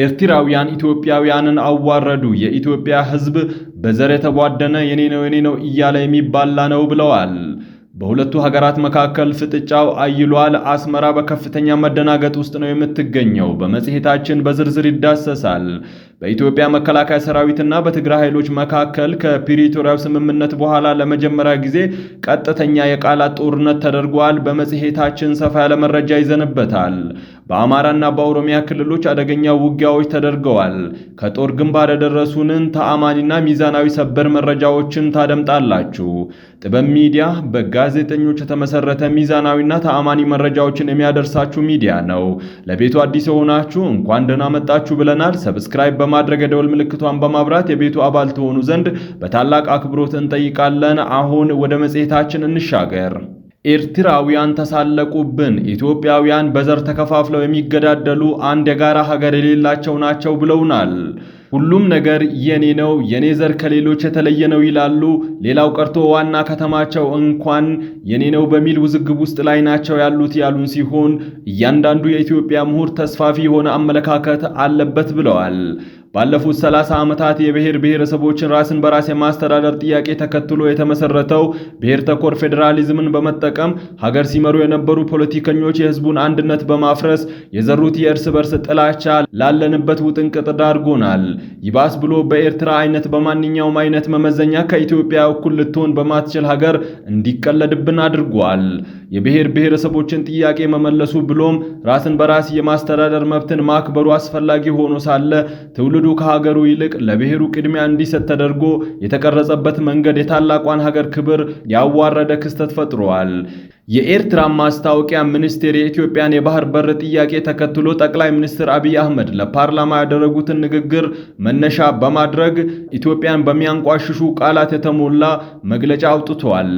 ኤርትራውያን ኢትዮጵያውያንን አዋረዱ። የኢትዮጵያ ሕዝብ በዘር የተቧደነ የኔ ነው የኔ ነው እያለ የሚባላ ነው ብለዋል። በሁለቱ ሀገራት መካከል ፍጥጫው አይሏል። አስመራ በከፍተኛ መደናገጥ ውስጥ ነው የምትገኘው። በመጽሔታችን በዝርዝር ይዳሰሳል። በኢትዮጵያ መከላከያ ሰራዊትና በትግራይ ኃይሎች መካከል ከፕሪቶሪያው ስምምነት በኋላ ለመጀመሪያ ጊዜ ቀጥተኛ የቃላት ጦርነት ተደርጓል። በመጽሔታችን ሰፋ ያለ መረጃ ይዘንበታል። በአማራና በኦሮሚያ ክልሎች አደገኛ ውጊያዎች ተደርገዋል። ከጦር ግንባር የደረሱንን ተአማኒና ሚዛናዊ ሰበር መረጃዎችን ታደምጣላችሁ። ጥበብ ሚዲያ በጋዜጠኞች የተመሰረተ ሚዛናዊና ተአማኒ መረጃዎችን የሚያደርሳችሁ ሚዲያ ነው። ለቤቱ አዲስ የሆናችሁ እንኳን ደህና መጣችሁ ብለናል። ሰብስክራይብ በማድረግ የደወል ምልክቷን በማብራት የቤቱ አባል ትሆኑ ዘንድ በታላቅ አክብሮት እንጠይቃለን። አሁን ወደ መጽሔታችን እንሻገር። ኤርትራውያን ተሳለቁብን። ኢትዮጵያውያን በዘር ተከፋፍለው የሚገዳደሉ አንድ የጋራ ሀገር የሌላቸው ናቸው ብለውናል። ሁሉም ነገር የኔ ነው፣ የኔ ዘር ከሌሎች የተለየ ነው ይላሉ። ሌላው ቀርቶ ዋና ከተማቸው እንኳን የኔ ነው በሚል ውዝግብ ውስጥ ላይ ናቸው ያሉት ያሉን ሲሆን እያንዳንዱ የኢትዮጵያ ምሁር ተስፋፊ የሆነ አመለካከት አለበት ብለዋል። ባለፉት 30 ዓመታት የብሔር ብሔረሰቦችን ራስን በራስ የማስተዳደር ጥያቄ ተከትሎ የተመሰረተው ብሔር ተኮር ፌዴራሊዝምን በመጠቀም ሀገር ሲመሩ የነበሩ ፖለቲከኞች የህዝቡን አንድነት በማፍረስ የዘሩት የእርስ በርስ ጥላቻ ላለንበት ውጥንቅጥ ዳርጎናል። ይባስ ብሎ በኤርትራ አይነት በማንኛውም አይነት መመዘኛ ከኢትዮጵያ እኩል ልትሆን በማትችል ሀገር እንዲቀለድብን አድርጓል። የብሔር ብሔረሰቦችን ጥያቄ መመለሱ ብሎም ራስን በራስ የማስተዳደር መብትን ማክበሩ አስፈላጊ ሆኖ ሳለ ትውልድ ትውልዱ ከሀገሩ ይልቅ ለብሔሩ ቅድሚያ እንዲሰጥ ተደርጎ የተቀረጸበት መንገድ የታላቋን ሀገር ክብር ያዋረደ ክስተት ፈጥሯል። የኤርትራ ማስታወቂያ ሚኒስቴር የኢትዮጵያን የባህር በር ጥያቄ ተከትሎ ጠቅላይ ሚኒስትር አብይ አህመድ ለፓርላማ ያደረጉትን ንግግር መነሻ በማድረግ ኢትዮጵያን በሚያንቋሽሹ ቃላት የተሞላ መግለጫ አውጥቷል።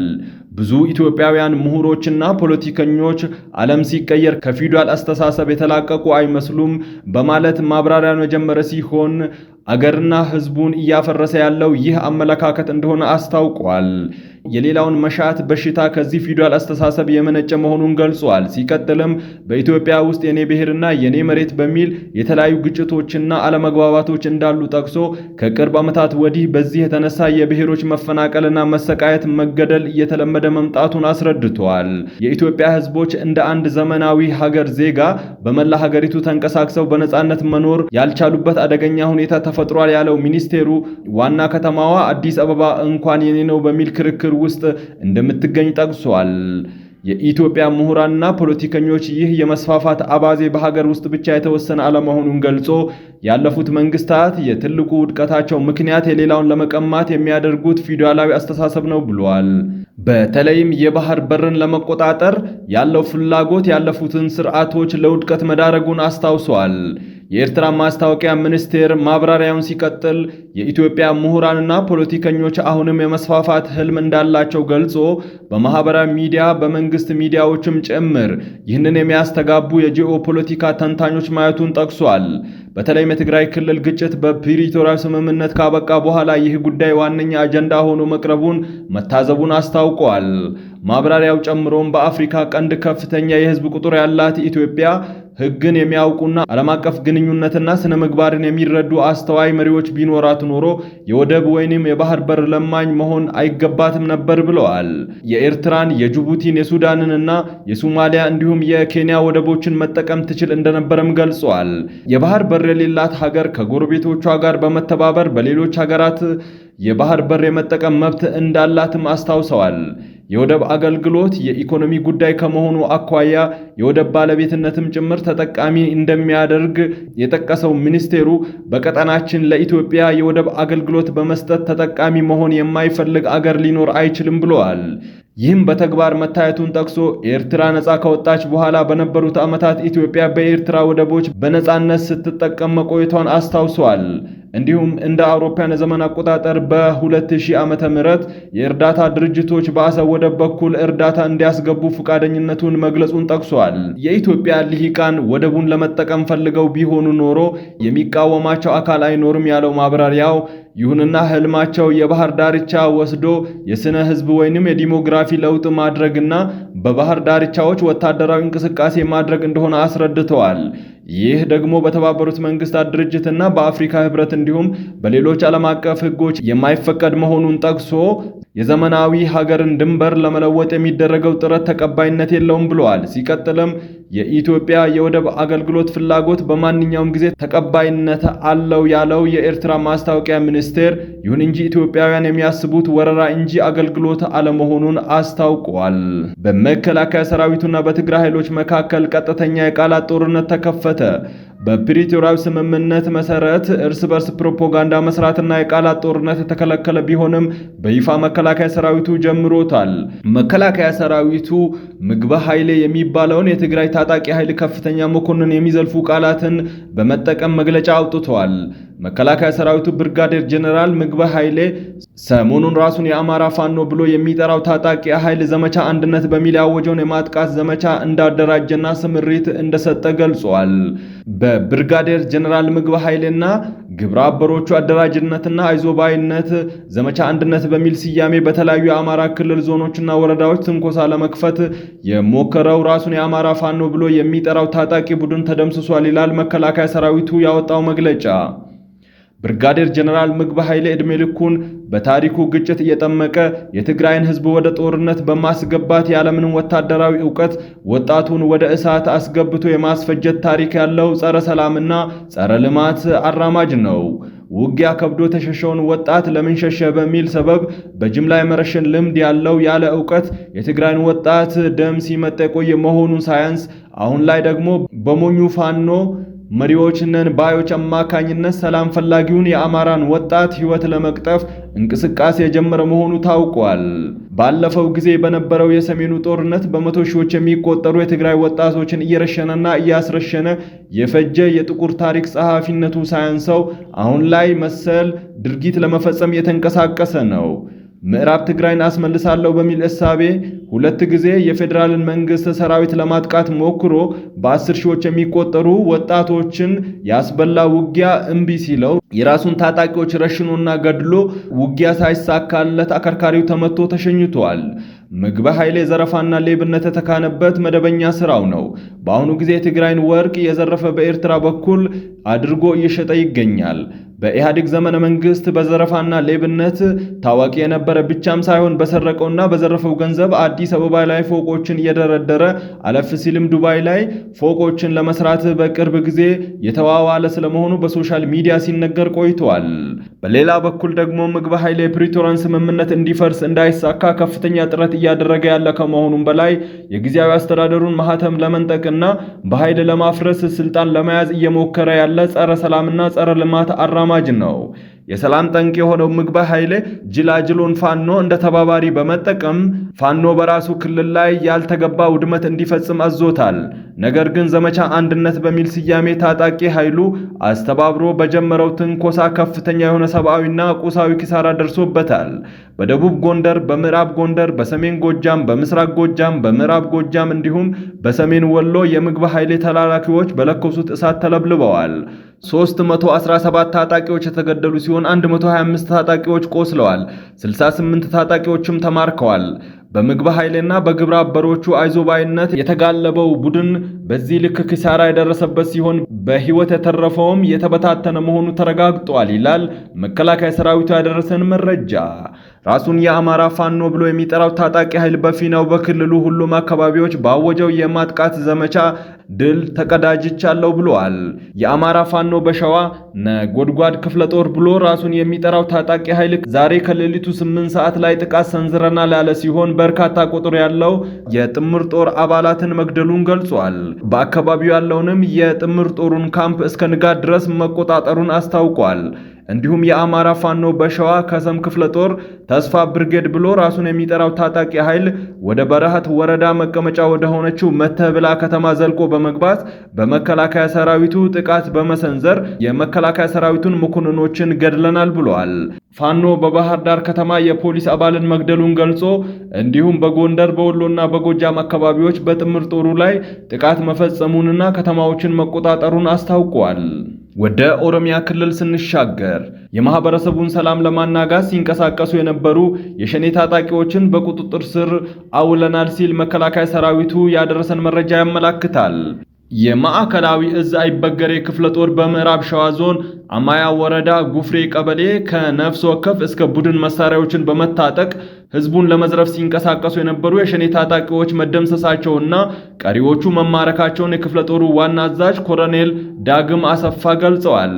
ብዙ ኢትዮጵያውያን ምሁሮችና ፖለቲከኞች ዓለም ሲቀየር ከፊውዳል አስተሳሰብ የተላቀቁ አይመስሉም በማለት ማብራሪያን የጀመረ ሲሆን አገርና ሕዝቡን እያፈረሰ ያለው ይህ አመለካከት እንደሆነ አስታውቋል። የሌላውን መሻት በሽታ ከዚህ ፊውዳል አስተሳሰብ የመነጨ መሆኑን ገልጿል። ሲቀጥልም በኢትዮጵያ ውስጥ የኔ ብሔርና የኔ መሬት በሚል የተለያዩ ግጭቶችና አለመግባባቶች እንዳሉ ጠቅሶ ከቅርብ ዓመታት ወዲህ በዚህ የተነሳ የብሔሮች መፈናቀልና መሰቃየት፣ መገደል እየተለመደ መምጣቱን አስረድቷል። የኢትዮጵያ ሕዝቦች እንደ አንድ ዘመናዊ ሀገር ዜጋ በመላ ሀገሪቱ ተንቀሳቅሰው በነፃነት መኖር ያልቻሉበት አደገኛ ሁኔታ ተፈጥሯል ያለው ሚኒስቴሩ ዋና ከተማዋ አዲስ አበባ እንኳን የኔ ነው በሚል ክርክር ምክክር ውስጥ እንደምትገኝ ጠቅሷል። የኢትዮጵያ ምሁራንና ፖለቲከኞች ይህ የመስፋፋት አባዜ በሀገር ውስጥ ብቻ የተወሰነ አለመሆኑን ገልጾ ያለፉት መንግስታት የትልቁ ውድቀታቸው ምክንያት የሌላውን ለመቀማት የሚያደርጉት ፊውዳላዊ አስተሳሰብ ነው ብሏል። በተለይም የባህር በርን ለመቆጣጠር ያለው ፍላጎት ያለፉትን ስርዓቶች ለውድቀት መዳረጉን አስታውሷል። የኤርትራ ማስታወቂያ ሚኒስቴር ማብራሪያውን ሲቀጥል የኢትዮጵያ ምሁራንና ፖለቲከኞች አሁንም የመስፋፋት ህልም እንዳላቸው ገልጾ በማህበራዊ ሚዲያ በመንግስት ሚዲያዎችም ጭምር ይህንን የሚያስተጋቡ የጂኦፖለቲካ ተንታኞች ማየቱን ጠቅሷል። በተለይም የትግራይ ክልል ግጭት በፕሪቶሪያ ስምምነት ካበቃ በኋላ ይህ ጉዳይ ዋነኛ አጀንዳ ሆኖ መቅረቡን መታዘቡን አስታውቋል። ማብራሪያው ጨምሮም በአፍሪካ ቀንድ ከፍተኛ የህዝብ ቁጥር ያላት ኢትዮጵያ ህግን የሚያውቁና ዓለም አቀፍ ግንኙነትና ስነ ምግባርን የሚረዱ አስተዋይ መሪዎች ቢኖራት ኖሮ የወደብ ወይንም የባህር በር ለማኝ መሆን አይገባትም ነበር ብለዋል። የኤርትራን፣ የጅቡቲን፣ የሱዳንን እና የሶማሊያ እንዲሁም የኬንያ ወደቦችን መጠቀም ትችል እንደነበረም ገልጸዋል። የባህር በር የሌላት ሀገር ከጎረቤቶቿ ጋር በመተባበር በሌሎች ሀገራት የባህር በር የመጠቀም መብት እንዳላትም አስታውሰዋል። የወደብ አገልግሎት የኢኮኖሚ ጉዳይ ከመሆኑ አኳያ የወደብ ባለቤትነትም ጭምር ተጠቃሚ እንደሚያደርግ የጠቀሰው ሚኒስቴሩ በቀጠናችን ለኢትዮጵያ የወደብ አገልግሎት በመስጠት ተጠቃሚ መሆን የማይፈልግ አገር ሊኖር አይችልም ብለዋል። ይህም በተግባር መታየቱን ጠቅሶ ኤርትራ ነፃ ከወጣች በኋላ በነበሩት ዓመታት ኢትዮጵያ በኤርትራ ወደቦች በነፃነት ስትጠቀም መቆየቷን አስታውሷል። እንዲሁም እንደ አውሮፓያን ዘመን አቆጣጠር በ2000 ዓመተ ምህረት የእርዳታ ድርጅቶች በአሰብ ወደብ በኩል እርዳታ እንዲያስገቡ ፈቃደኝነቱን መግለጹን ጠቅሷል። የኢትዮጵያ ልሂቃን ወደቡን ለመጠቀም ፈልገው ቢሆኑ ኖሮ የሚቃወማቸው አካል አይኖርም ያለው ማብራሪያው ይሁንና ህልማቸው የባህር ዳርቻ ወስዶ የስነ ህዝብ ወይንም የዲሞግራፊ ለውጥ ማድረግና በባህር ዳርቻዎች ወታደራዊ እንቅስቃሴ ማድረግ እንደሆነ አስረድተዋል። ይህ ደግሞ በተባበሩት መንግስታት ድርጅትና በአፍሪካ ህብረት እንዲሁም በሌሎች ዓለም አቀፍ ህጎች የማይፈቀድ መሆኑን ጠቅሶ የዘመናዊ ሀገርን ድንበር ለመለወጥ የሚደረገው ጥረት ተቀባይነት የለውም ብለዋል። ሲቀጥልም የኢትዮጵያ የወደብ አገልግሎት ፍላጎት በማንኛውም ጊዜ ተቀባይነት አለው ያለው የኤርትራ ማስታወቂያ ሚኒስቴር፣ ይሁን እንጂ ኢትዮጵያውያን የሚያስቡት ወረራ እንጂ አገልግሎት አለመሆኑን አስታውቋል። በመከላከያ ሰራዊቱና በትግራይ ኃይሎች መካከል ቀጥተኛ የቃላት ጦርነት ተከፈተ። በፕሪቶሪያው ስምምነት መሰረት እርስ በርስ ፕሮፓጋንዳ መስራትና የቃላት ጦርነት የተከለከለ ቢሆንም በይፋ መከላከያ ሰራዊቱ ጀምሮታል። መከላከያ ሰራዊቱ ምግበ ኃይሌ የሚባለውን የትግራይ ታጣቂ ኃይል ከፍተኛ መኮንን የሚዘልፉ ቃላትን በመጠቀም መግለጫ አውጥተዋል። መከላከያ ሰራዊቱ ብርጋዴር ጀኔራል ምግበ ኃይሌ ሰሞኑን ራሱን የአማራ ፋኖ ብሎ የሚጠራው ታጣቂ ኃይል ዘመቻ አንድነት በሚል ያወጀውን የማጥቃት ዘመቻ እንዳደራጀና ስምሪት እንደሰጠ ገልጿል። በብርጋዴር ጀነራል ምግብ ኃይልና ግብረ አበሮቹ አደራጅነትና አይዞባይነት ዘመቻ አንድነት በሚል ስያሜ በተለያዩ የአማራ ክልል ዞኖችና ወረዳዎች ትንኮሳ ለመክፈት የሞከረው ራሱን የአማራ ፋኖ ብሎ የሚጠራው ታጣቂ ቡድን ተደምስሷል ይላል መከላከያ ሰራዊቱ ያወጣው መግለጫ። ብርጋዴር ጀነራል ምግበ ኃይሌ ዕድሜ ልኩን በታሪኩ ግጭት እየጠመቀ የትግራይን ሕዝብ ወደ ጦርነት በማስገባት ያለምንም ወታደራዊ ዕውቀት ወጣቱን ወደ እሳት አስገብቶ የማስፈጀት ታሪክ ያለው ጸረ ሰላምና ጸረ ልማት አራማጅ ነው። ውጊያ ከብዶ ተሸሸውን ወጣት ለምን ሸሸ በሚል ሰበብ በጅምላ የመረሸን ልምድ ያለው ያለ ዕውቀት የትግራይን ወጣት ደም ሲመጣ የቆየ መሆኑን ሳያንስ አሁን ላይ ደግሞ በሞኙ ፋኖ መሪዎች ባዮች አማካኝነት ሰላም ፈላጊውን የአማራን ወጣት ሕይወት ለመቅጠፍ እንቅስቃሴ የጀመረ መሆኑ ታውቋል። ባለፈው ጊዜ በነበረው የሰሜኑ ጦርነት በመቶ ሺዎች የሚቆጠሩ የትግራይ ወጣቶችን እየረሸነና እያስረሸነ የፈጀ የጥቁር ታሪክ ጸሐፊነቱ ሳያንሰው አሁን ላይ መሰል ድርጊት ለመፈጸም እየተንቀሳቀሰ ነው። ምዕራብ ትግራይን አስመልሳለሁ በሚል እሳቤ ሁለት ጊዜ የፌዴራልን መንግስት ሰራዊት ለማጥቃት ሞክሮ በአስር ሺዎች የሚቆጠሩ ወጣቶችን ያስበላ ውጊያ እምቢ ሲለው የራሱን ታጣቂዎች ረሽኖና ገድሎ ውጊያ ሳይሳካለት አከርካሪው ተመቶ ተሸኝቷል። ምግበ ኃይሌ ዘረፋና ሌብነት የተካነበት መደበኛ ስራው ነው። በአሁኑ ጊዜ የትግራይን ወርቅ የዘረፈ በኤርትራ በኩል አድርጎ እየሸጠ ይገኛል። በኢህአዴግ ዘመነ መንግስት በዘረፋና ሌብነት ታዋቂ የነበረ ብቻም ሳይሆን በሰረቀውና በዘረፈው ገንዘብ አዲስ አበባ ላይ ፎቆችን እየደረደረ አለፍ ሲልም ዱባይ ላይ ፎቆችን ለመስራት በቅርብ ጊዜ የተዋዋለ ስለመሆኑ በሶሻል ሚዲያ ሲነገር ቆይቷል። በሌላ በኩል ደግሞ ምግበ ኃይሌ የፕሪቶሪያን ስምምነት እንዲፈርስ እንዳይሳካ ከፍተኛ ጥረት እያደረገ ያለ ከመሆኑም በላይ የጊዜያዊ አስተዳደሩን ማህተም ለመንጠቅና በኃይል ለማፍረስ ስልጣን ለመያዝ እየሞከረ ያለ ጸረ ሰላምና ጸረ ልማት አራ ተራማጅ ነው። የሰላም ጠንቅ የሆነው ምግበ ኃይሌ ጅላጅሉን ፋኖ እንደ ተባባሪ በመጠቀም ፋኖ በራሱ ክልል ላይ ያልተገባ ውድመት እንዲፈጽም አዞታል። ነገር ግን ዘመቻ አንድነት በሚል ስያሜ ታጣቂ ኃይሉ አስተባብሮ በጀመረው ትንኮሳ ከፍተኛ የሆነ ሰብአዊና ቁሳዊ ኪሳራ ደርሶበታል። በደቡብ ጎንደር፣ በምዕራብ ጎንደር፣ በሰሜን ጎጃም፣ በምስራቅ ጎጃም፣ በምዕራብ ጎጃም እንዲሁም በሰሜን ወሎ የምግብ ኃይሌ ተላላኪዎች በለኮሱት እሳት ተለብልበዋል። 317 ታጣቂዎች የተገደሉ ሲሆን 125 ታጣቂዎች ቆስለዋል፣ 68 ታጣቂዎችም ተማርከዋል። በምግብ ኃይልና በግብረ አበሮቹ አይዞባይነት የተጋለበው ቡድን በዚህ ልክ ኪሳራ የደረሰበት ሲሆን በህይወት የተረፈውም የተበታተነ መሆኑ ተረጋግጧል ይላል መከላከያ ሰራዊቱ ያደረሰን መረጃ። ራሱን የአማራ ፋኖ ብሎ የሚጠራው ታጣቂ ኃይል በፊናው በክልሉ ሁሉም አካባቢዎች ባወጀው የማጥቃት ዘመቻ ድል ተቀዳጅቻለሁ ብለዋል። የአማራ ፋኖ በሸዋ ነጎድጓድ ክፍለ ጦር ብሎ ራሱን የሚጠራው ታጣቂ ኃይል ዛሬ ከሌሊቱ ስምንት ሰዓት ላይ ጥቃት ሰንዝረናል ያለ ሲሆን በርካታ ቁጥር ያለው የጥምር ጦር አባላትን መግደሉን ገልጿል። በአካባቢው ያለውንም የጥምር ጦሩን ካምፕ እስከ ንጋት ድረስ መቆጣጠሩን አስታውቋል። እንዲሁም የአማራ ፋኖ በሸዋ ከሰም ክፍለ ጦር ተስፋ ብርጌድ ብሎ ራሱን የሚጠራው ታጣቂ ኃይል ወደ በረሃት ወረዳ መቀመጫ ወደ ሆነችው መተብላ ከተማ ዘልቆ በመግባት በመከላከያ ሰራዊቱ ጥቃት በመሰንዘር የመከላከያ ሰራዊቱን መኮንኖችን ገድለናል ብሏል። ፋኖ በባህር ዳር ከተማ የፖሊስ አባልን መግደሉን ገልጾ እንዲሁም በጎንደር በወሎና በጎጃም አካባቢዎች በጥምር ጦሩ ላይ ጥቃት መፈጸሙንና ከተማዎችን መቆጣጠሩን አስታውቋል። ወደ ኦሮሚያ ክልል ስንሻገር የማህበረሰቡን ሰላም ለማናጋት ሲንቀሳቀሱ የነበሩ የሸኔ ታጣቂዎችን በቁጥጥር ስር አውለናል ሲል መከላከያ ሰራዊቱ ያደረሰን መረጃ ያመላክታል። የማዕከላዊ እዝ አይበገሬ ክፍለ ጦር በምዕራብ ሸዋ ዞን አማያ ወረዳ ጉፍሬ ቀበሌ ከነፍስ ወከፍ እስከ ቡድን መሳሪያዎችን በመታጠቅ ህዝቡን ለመዝረፍ ሲንቀሳቀሱ የነበሩ የሸኔ ታጣቂዎች መደምሰሳቸውና ቀሪዎቹ መማረካቸውን የክፍለ ጦሩ ዋና አዛዥ ኮሎኔል ዳግም አሰፋ ገልጸዋል።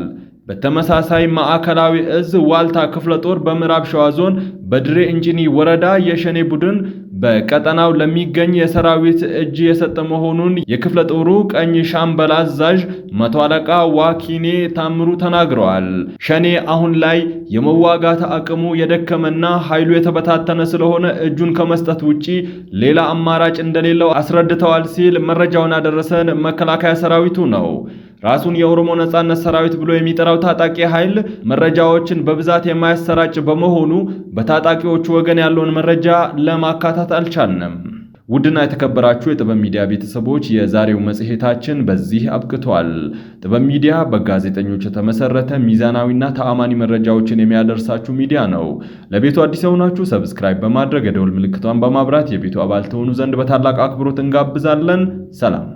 በተመሳሳይ ማዕከላዊ እዝ ዋልታ ክፍለ ጦር በምዕራብ ሸዋ ዞን በድሬ እንጂኒ ወረዳ የሸኔ ቡድን በቀጠናው ለሚገኝ የሰራዊት እጅ የሰጠ መሆኑን የክፍለ ጦሩ ቀኝ ሻምበል አዛዥ መቶ አለቃ ዋኪኔ ታምሩ ተናግረዋል። ሸኔ አሁን ላይ የመዋጋት አቅሙ የደከመና ኃይሉ የተበታተነ ስለሆነ እጁን ከመስጠት ውጪ ሌላ አማራጭ እንደሌለው አስረድተዋል ሲል መረጃውን ያደረሰን መከላከያ ሰራዊቱ ነው። ራሱን የኦሮሞ ነጻነት ሰራዊት ብሎ የሚጠራው ታጣቂ ኃይል መረጃዎችን በብዛት የማያሰራጭ በመሆኑ በታጣቂዎቹ ወገን ያለውን መረጃ ለማካታት አልቻልንም። ውድና የተከበራችሁ የጥበብ ሚዲያ ቤተሰቦች የዛሬው መጽሔታችን በዚህ አብቅቷል። ጥበብ ሚዲያ በጋዜጠኞች የተመሰረተ ሚዛናዊና ተአማኒ መረጃዎችን የሚያደርሳችሁ ሚዲያ ነው። ለቤቱ አዲስ የሆናችሁ ሰብስክራይብ በማድረግ የደውል ምልክቷን በማብራት የቤቱ አባል ተሆኑ ዘንድ በታላቅ አክብሮት እንጋብዛለን። ሰላም